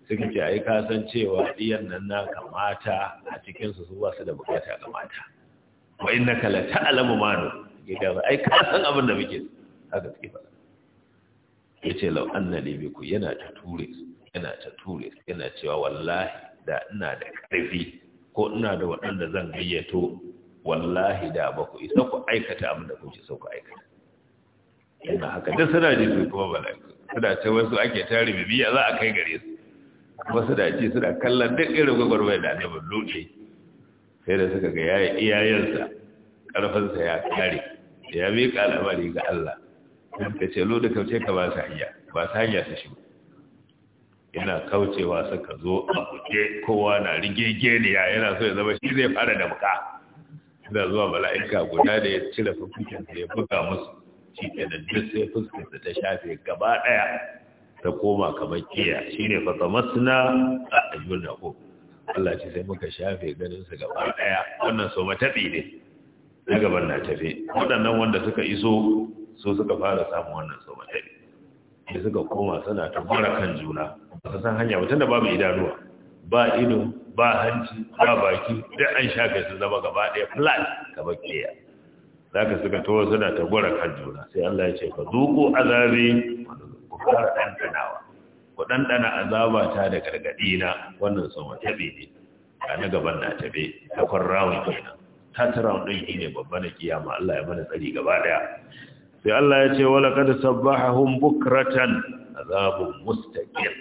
[SPEAKER 1] suka ce ai ka san cewa iyan nan na kamata a cikin su ba su da bukata ga mata wa innaka la ta'lamu ma nu gidan ai ka san abin da muke haka suke faɗa yace law anna li biku yana ta ture yana ta ture yana cewa wallahi da ina da karfi ko ina da waɗanda zan gayyato wallahi da ba ku isa ku aikata abin da kuke so ku aikata yana haka duk suna ji su kuma mala'iku suna ce wasu ake tare bibiya za a kai gare su kuma suna ci suna kallon duk irin gwagwarmai da annabin luke sai da suka ga iyayensa ƙarfinsa ya kare ya miƙa al'amari ga Allah Sun ka ce lo kauce ka ba su hanya ba su hanya su shigo yana kaucewa suka zo a kuke kowa na ya yana so ya zama shi zai fara da buka suna zuwa mala'ika guda da ya cire fukukin ya buga musu ci ke da duk sai fuskar ta shafe gaba ɗaya ta koma kamar kiya shi ne fata masana a ajiyar da Allah ce sai muka shafe ganinsa gaba ɗaya wannan so mataɓi ne na gaban na tafe waɗannan wanda suka iso so suka fara samun wannan so mataɓi da suka koma suna ta mara kan juna ba san hanya ba tunda babu idanuwa ba ido ba hanci ba baki da an shafe su zama gaba ɗaya flat gaba kiya za ka suka towa suna ta gwara kan juna sai Allah ya ce ka zuku azabi ku fara ɗanɗanawa ku ɗanɗana azaba ta da gargaɗi na wannan sama taɓe ne ga na gaban na taɓe takwan rawun kenan ta rawun ɗin shi ne babban na kiyama Allah ya mana tsari gaba ɗaya sai Allah ya ce wala kada sabbahahum bukratan azabun mustaqim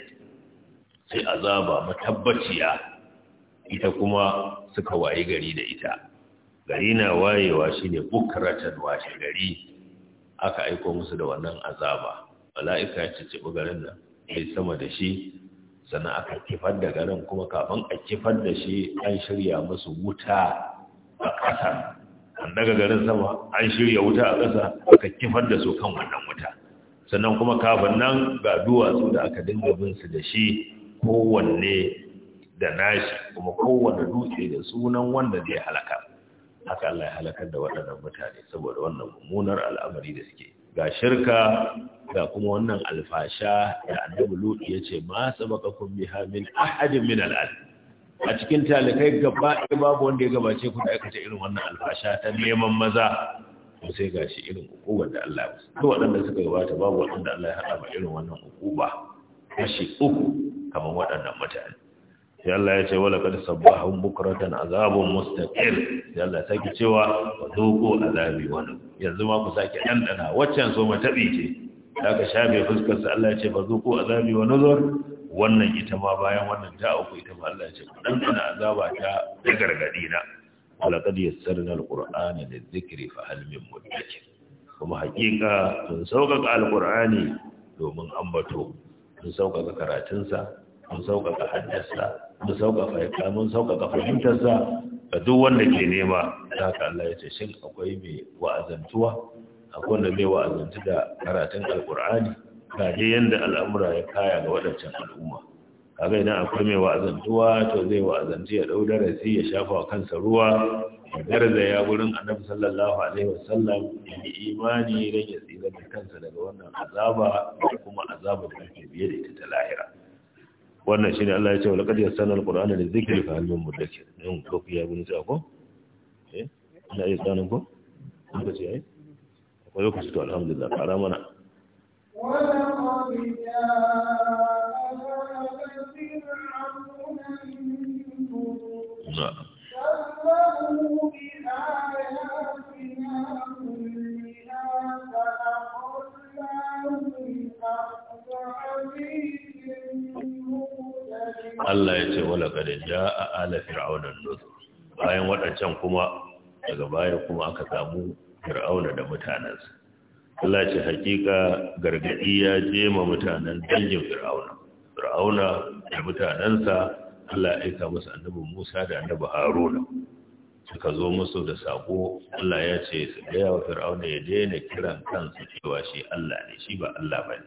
[SPEAKER 1] sai azaba matabbaciya ita kuma suka wayi gari da ita gari na wayewa shi ne bukratan washe gari aka aiko musu da wannan azaba mala'ika ya cicibi garin nan mai sama da shi sannan aka kifar da garin kuma kafin a kifar da shi an shirya musu wuta a ƙasa an daga garin sama an shirya wuta a ƙasa aka kifar da su kan wannan wuta sannan kuma kafin nan ga duwatsu da aka dinga bin su da shi kowanne da nashi kuma kowanne dutse da sunan wanda zai halaka haka Allah ya halakar da waɗannan mutane saboda wannan mummunar al'amari da suke ga shirka ga kuma wannan alfasha da annabi lut ya ce ma kun biha min ahadin min al'ad a cikin talikai gaba ɗaya babu wanda ya gabace ku da aikata irin wannan alfasha ta neman maza ko sai gashi irin hukumar da Allah ya musu duk waɗanda suka gabata babu waɗanda Allah ya haɗa ba irin wannan hukuma kashi uku kamar waɗannan mutane sai Allah ya ce wala kad sabbahum bukratan azabun mustaqil sai Allah sake cewa zuqu azabi wani yanzu ma ku sake dandana waccan so tabi ce daga shafe fuskar sa Allah ya ce ko azabi wa nuzur wannan ita ma bayan wannan ta uku ita ma Allah ya ce dandana azaba ta da gargadi na wala kad yassarna alqur'ana lidhikri fa hal min mudakkir kuma hakika sun sauƙaƙa alqur'ani domin ambato sun sauƙaƙa karatunsa sun sauƙaƙa haddasa mun sauƙaƙa mun sauƙaƙa fahimtarsa ga duk wanda ke nema haka Allah ya ce shin akwai mai wa'azantuwa akwai wanda mai wa'azantu da karatun alƙur'ani ga dai yanda al'amura ya kaya ga waɗancan al'umma kaga idan akwai mai wa'azantuwa to zai wa'azanci ya ɗau darasi ya shafa wa kansa ruwa ya ya gurin annabi sallallahu alaihi wasallam ya yi imani don ya tsira da kansa daga wannan azaba da kuma azaba da ake biye da ita ta lahira wannan shine Allah ya ce wala qad yassana alqur'ana lizikri fa hal min mudakkir in ko ya bin ta ko eh Allah ya tsanin ko ko ce ai ko lokaci to alhamdulillah fara mana
[SPEAKER 2] wala qad ya'a Allah ya ce wala
[SPEAKER 1] kada a ala fir'auna nuzur bayan waɗancan kuma daga baya kuma aka samu fir'auna da mutanensa Allah ce hakika gargadi ya je ma mutanen dangin fir'auna fir'auna da mutanensa Allah ya aika musu annabi Musa da annabi Haruna suka zo musu da sako Allah ya ce su gaya wa fir'auna ya daina kiran kansu cewa shi Allah ne shi ba Allah bane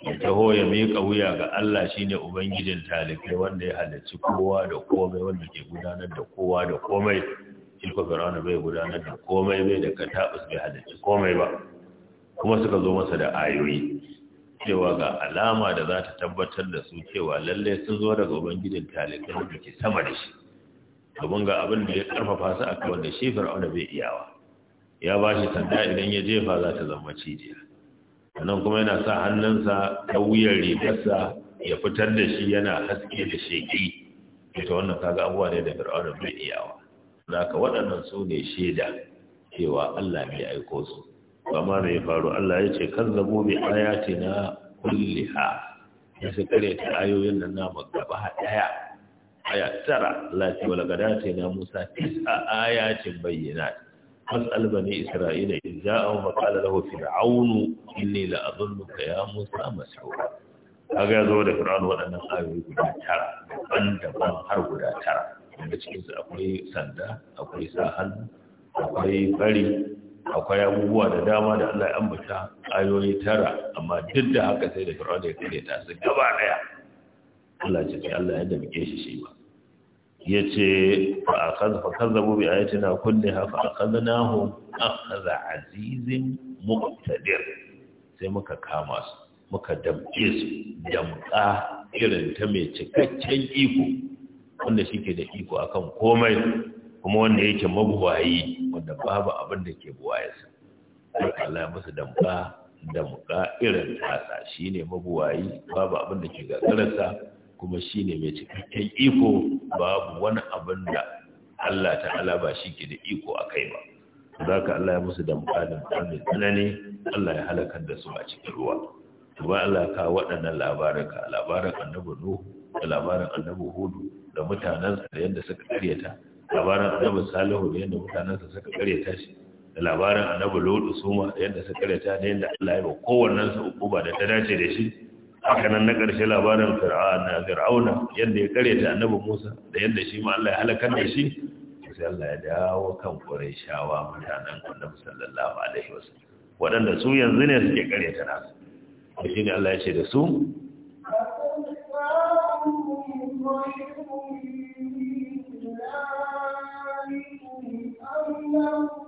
[SPEAKER 1] ya taho ya miƙa wuya ga Allah shine ubangijin talibai wanda ya halarci kowa da komai wanda ke gudanar da kowa da komai ilko fir'auna bai gudanar da komai bai da katabus bai halarci komai ba kuma suka zo masa da ayoyi cewa ga alama da za ta tabbatar da su cewa lallai sun zo daga ubangijin talibai wanda ke sama da shi domin ga abin da ya karfafa su a kawai wanda shi fir'auna bai iyawa ya ba shi sanda idan ya jefa za ta zama cijiya sannan kuma yana sa hannunsa ta wuyan rigarsa ya fitar da shi yana haske da sheƙi ita wannan kaga abuwa ne da fir'auna bai iyawa Za ka waɗannan su ne shaida cewa Allah mai aiko su amma me ya faru Allah ya ce kan zabo bi ayatina kulliha ya su kare ta ayoyin nan na gaba daya aya tara Allah ya wala gadatina Musa tis'a ayatin bayyinat fas'al bani isra'ila in ja'ahum fa qala lahu fir'aunu inni la adhunnuka ya musa mas'ula kaga ya zo da fir'aun waɗannan ayoyi guda tara daban daban har guda tara wanda cikin su akwai sanda akwai sa hannu akwai fari akwai abubuwa da dama da Allah ya ambata ayoyi tara amma duk da haka sai da fir'aun ya kare ta su gaba daya Allah ya ce Allah ya damke shi shi ba ya ce fakazzabu bi ayatina kulliha fa akhadnahum akhadha azizin muqtadir sai muka kama su muka damke su damka irin ta mai cikakken iko wanda shike da iko akan komai kuma wanda yake mabuwayi wanda babu abin da ke buwayarsa Allah ya musu damka damka irin tasa ne mabuwayi babu abin da ke gagararsa kuma shi ne mai cikakken iko babu wani abin da Allah ta alaba shi ke da iko a kai ba za ka Allah ya musu da damfa mai tsanani Allah ya halakar da su a cikin ruwa Tuba Allah ka waɗannan labaraka labarin annabu Nuhu da labarin annabu Hudu da mutanensa da yadda suka karyata labarin annabu Salihu da yadda mutanensa suka karyata shi da labarin annabu Lodu suma da yadda suka karyata da yadda Allah ya ba kowannensa ba da ta dace da shi haka nan na ƙarshe labarin fir'auna yadda ya kare ta annabi musa da yadda shi ma Allah ya halakar da shi sai Allah ya dawo kan shawa mutanen annabi sallallahu alaihi wasallam waɗanda su yanzu ne suke kare ta nasu shi ne Allah ya ce da su Thank you.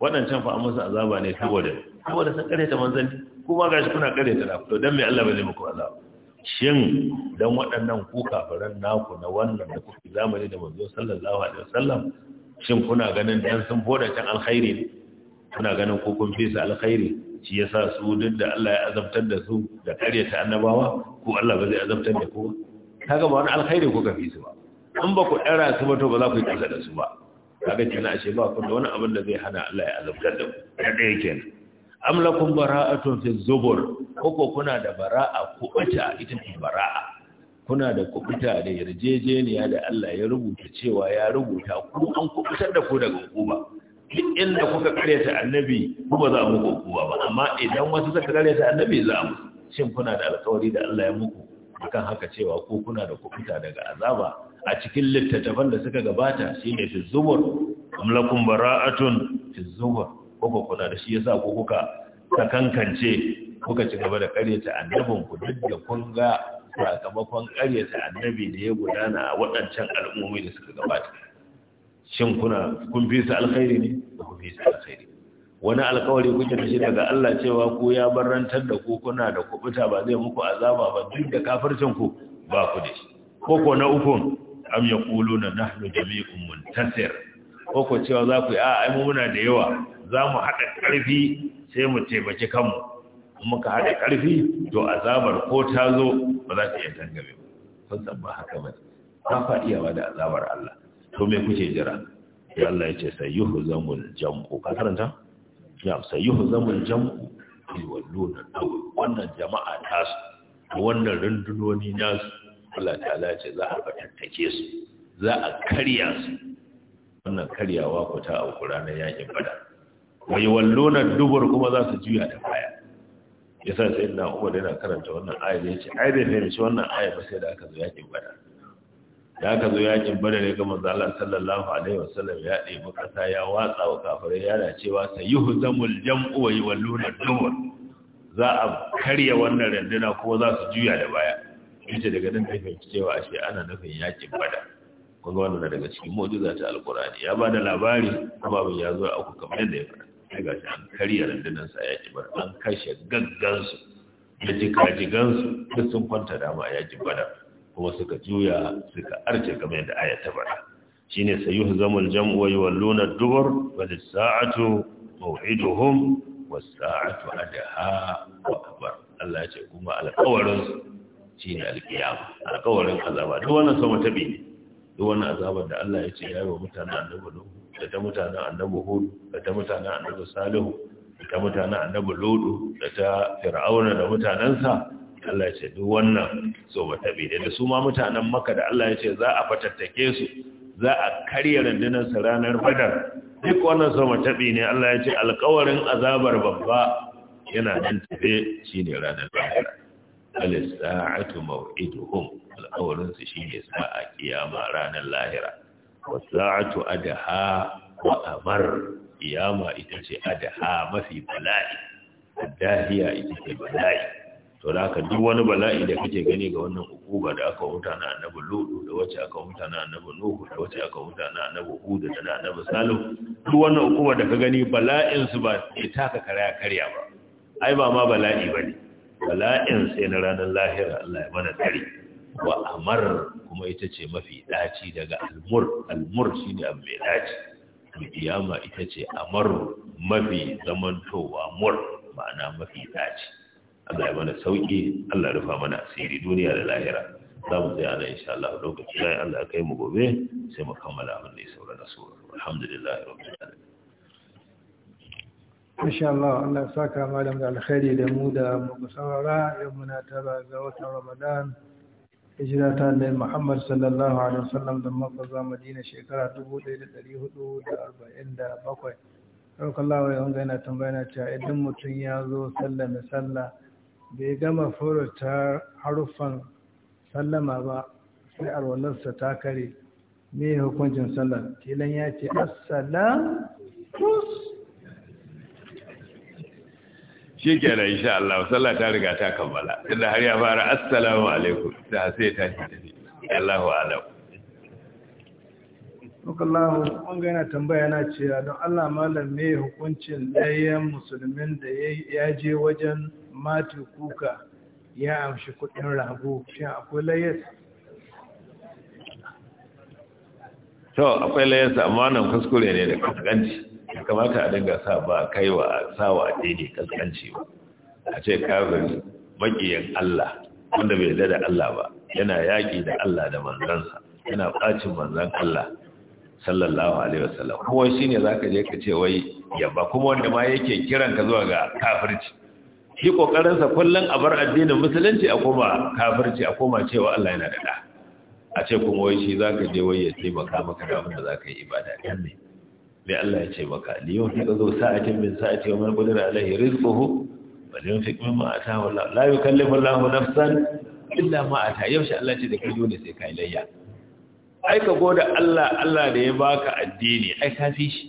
[SPEAKER 1] waɗancan fa an azaba ne saboda saboda sun kare ta manzanci kuma gashi kuna kare ta to dan me Allah ba zai muku azaba shin dan waɗannan ku kafiran naku na wannan da kuke zamani da manzo sallallahu alaihi wasallam shin kuna ganin dan sun foda can alkhairi ne kuna ganin ko kun fesa alkhairi shi yasa su duk da Allah ya azabtar da su da kare ta annabawa ko Allah ba zai azabtar da ku kaga ba wani alkhairi kuka fi su ba in ba ku ɗara su ba to ba za ku yi kalla da su ba kaga kenan ashe ba ku da wani abin da zai hana Allah ya azabtar da ku da dai kenan amlakum bara'atun fi zubur koko kuna da bara'a bata ita ce bara'a kuna da kubuta da yarjejeniya da Allah ya rubuta cewa ya rubuta ku an kubutar da ku daga kuba? duk inda kuka karyata annabi ku ba za mu kuba ba amma idan wasu suka karyata annabi za mu shin kuna da alƙawari da Allah ya muku akan haka cewa ko kuna da kubuta daga azaba a cikin littattafan da suka gabata shi ne fi zubur amlakun bara'atun fi zubur kuka kuna da shi yasa ku kuka kankance kuka ci gaba da karyata annabin ku duk da kun ga sakamakon karyata annabi da ya gudana a waɗancan al'ummomi da suka gabata shin kuna kun fi su alkhairi ne da kun fi su alkhairi wani alkawari kuke da shi daga Allah cewa ku ya barantar da ku kuna da kubuta ba zai muku azaba ba duk da kafircin ku ba ku da shi koko na ukun am yaquluna nahnu jami'un muntasir ko ko cewa za ku yi a ai muna da yawa za mu haɗa ƙarfi sai mu taimaki kanmu muka haɗa ƙarfi to azabar ko ta zo ba za ta iya tangame ba kun san ba haka ba ba fa iyawa da azabar Allah to me kuke jira ya Allah ya ce sayyuhu zamul jam'u ka karanta ya sayyuhu zamul jam'u walluna wannan jama'a tasu wannan rundunoni nasu Allah ta'ala ce za a fatattake su za a karya su wannan karyawa ku ta auku ranar yakin bada wai wallonar dubur kuma za su juya ta baya ya sa sai na umar yana karanta wannan ayar ya ce ne bai shi wannan ayar ba sai da aka zo yakin bada da aka zo yakin bada ne ga manzo Allah sallallahu alaihi wasallam ya ɗebi ƙasa, ya watsa wa kafirai da cewa sayuhzamul jam'u wa yawluna dubur za a karya wannan randuna kuma za su juya da baya yace daga nan kai cewa ashe ana nufin yakin bada kun ga wannan daga cikin mu'jiza ta alqur'ani ya bada labari kuma ban ya zo a ku kamar yadda ya faɗa sai gashi an karya rundunar sa yakin bada an kashe gaggan su da jikajigan su duk sun kwanta dama a yakin bada kuma suka juya suka arce kamar yadda aya ta faɗa shine zamul jam'u wa walluna dubur wal sa'atu maw'iduhum was sa'atu adha wa akbar Allah ya ce kuma alƙawarin shi ne alkiyama Alƙawarin azaba duk wannan sama tabi ne duk wannan azabar da Allah ya ce ya yi wa mutanen annabi Nuhu da ta mutanen annabi Hud da ta mutanen annabi Salihu da ta mutanen annabi ludu, da ta Fir'auna da mutanansa Allah ya ce duk wannan sama tabi ne da su ma mutanen Makka da Allah ya ce za a fatattake su za a karya rundunar sa ranar Badar duk wannan sama tabi ne Allah ya ce alkawarin azabar babba yana nan tafe shine ranar Badar alisa'atu maw'iduhum al'awarin su shine sa'a kiyama ranar lahira wasa'atu adaha wa amar kiyama ita ce adaha mafi bala'i adahiya ita ce bala'i to da ka duk wani bala'i da kake gani ga wannan ukuba da aka huta na annabi lutu da wacce aka huta na annabi nuhu da wacce aka huta na annabi hud da na annabi salih duk wannan ukuba da ka gani bala'in su ba ita ka karya karya ba ai ba ma bala'i bane bala'in sai na ranar lahira Allah ya mana tare wa amar kuma ita ce mafi daci daga almur almur ne abu mai daci iyama ita ce amar mafi zamantowa mur ma'ana mafi daci Allah ya mana sauƙi. Allah rufa mana asiri duniya da lahira za mu tsaya na insha Allah lokaci bayan Allah kai mu gobe sai mu kammala abin da ya saura na sura alhamdulillah rabbil alamin insha Allah Allah ya saka malam da alkhairi da mu da musawara saurara yau muna tara ga watan Ramadan hijira ta Annabi Muhammad sallallahu alaihi wasallam da Makka zuwa Madina shekara 1447 Allah ya wanga yana na cewa idan mutum ya zo sallame sallah bai gama furta haruffan sallama ba sai arwalarsa ta kare me hukuncin sallar kilan ya ce
[SPEAKER 2] assalam
[SPEAKER 1] shi kenan insha Allah sallah ta riga ta kammala tunda har ya fara assalamu alaikum da sai ta tafi Allahu alam Allahu an ga yana tambaya yana cewa don Allah malam me hukuncin layyan musulmin da ya je wajen mati kuka ya amshi kuɗin rago shi akwai layyar? to akwai layyar amma nan kuskure ne da kaskanci ya kamata a dinga sa ba kai kaiwa sawa addini kaskanci ba a ce kafiri makiyin Allah wanda bai yarda da Allah ba yana yaki da Allah da manzansa yana bacin manzan Allah sallallahu alaihi wasallam kuma shine zaka je ka ce wai yabba kuma wanda ma yake kiran ka zuwa ga kafirci shi kokarin sa kullun a bar addinin musulunci a koma kafirci a koma cewa Allah yana da da a ce kuma wai shi zaka je wai ya taimaka maka da abin da zaka yi ibada dan ne mai Allah ya ce maka liyon fi zo sa'atin min sa'ati wa man qadara alaihi rizquhu falyunfiq mimma ataahu Allah la yukallifu Allahu nafsan illa ma ata yaushe Allah ce da kai dole sai kai layya ai ka goda Allah Allah da ya baka addini ai ka fi shi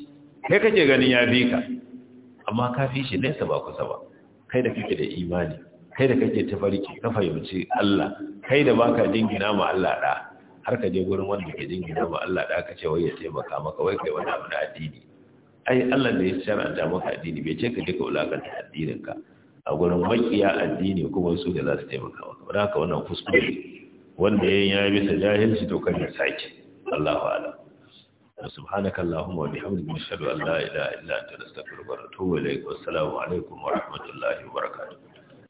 [SPEAKER 1] kai kake ganin ya fi ka amma ka fi shi nesa ba kusa ba kai da kake da imani kai da kake tafarki kafa fahimci Allah kai da baka dingina ma Allah da har ka je gurin wanda ke gina ba Allah da aka ce wai ya taimaka maka wai kai wani abu na addini ai Allah ne ya shar'anta maka addini bai ce ka je ka wulakanta addinin ka a gurin makiya addini kuma su da za su taimaka maka ba haka wannan kuskure wanda ya yi bisa jahilci to kan ya sake Allahu a'lam سبحانك اللهم وبحمدك
[SPEAKER 2] نشهد ان لا اله الا انت نستغفرك ونتوب اليك والسلام عليكم ورحمه الله وبركاته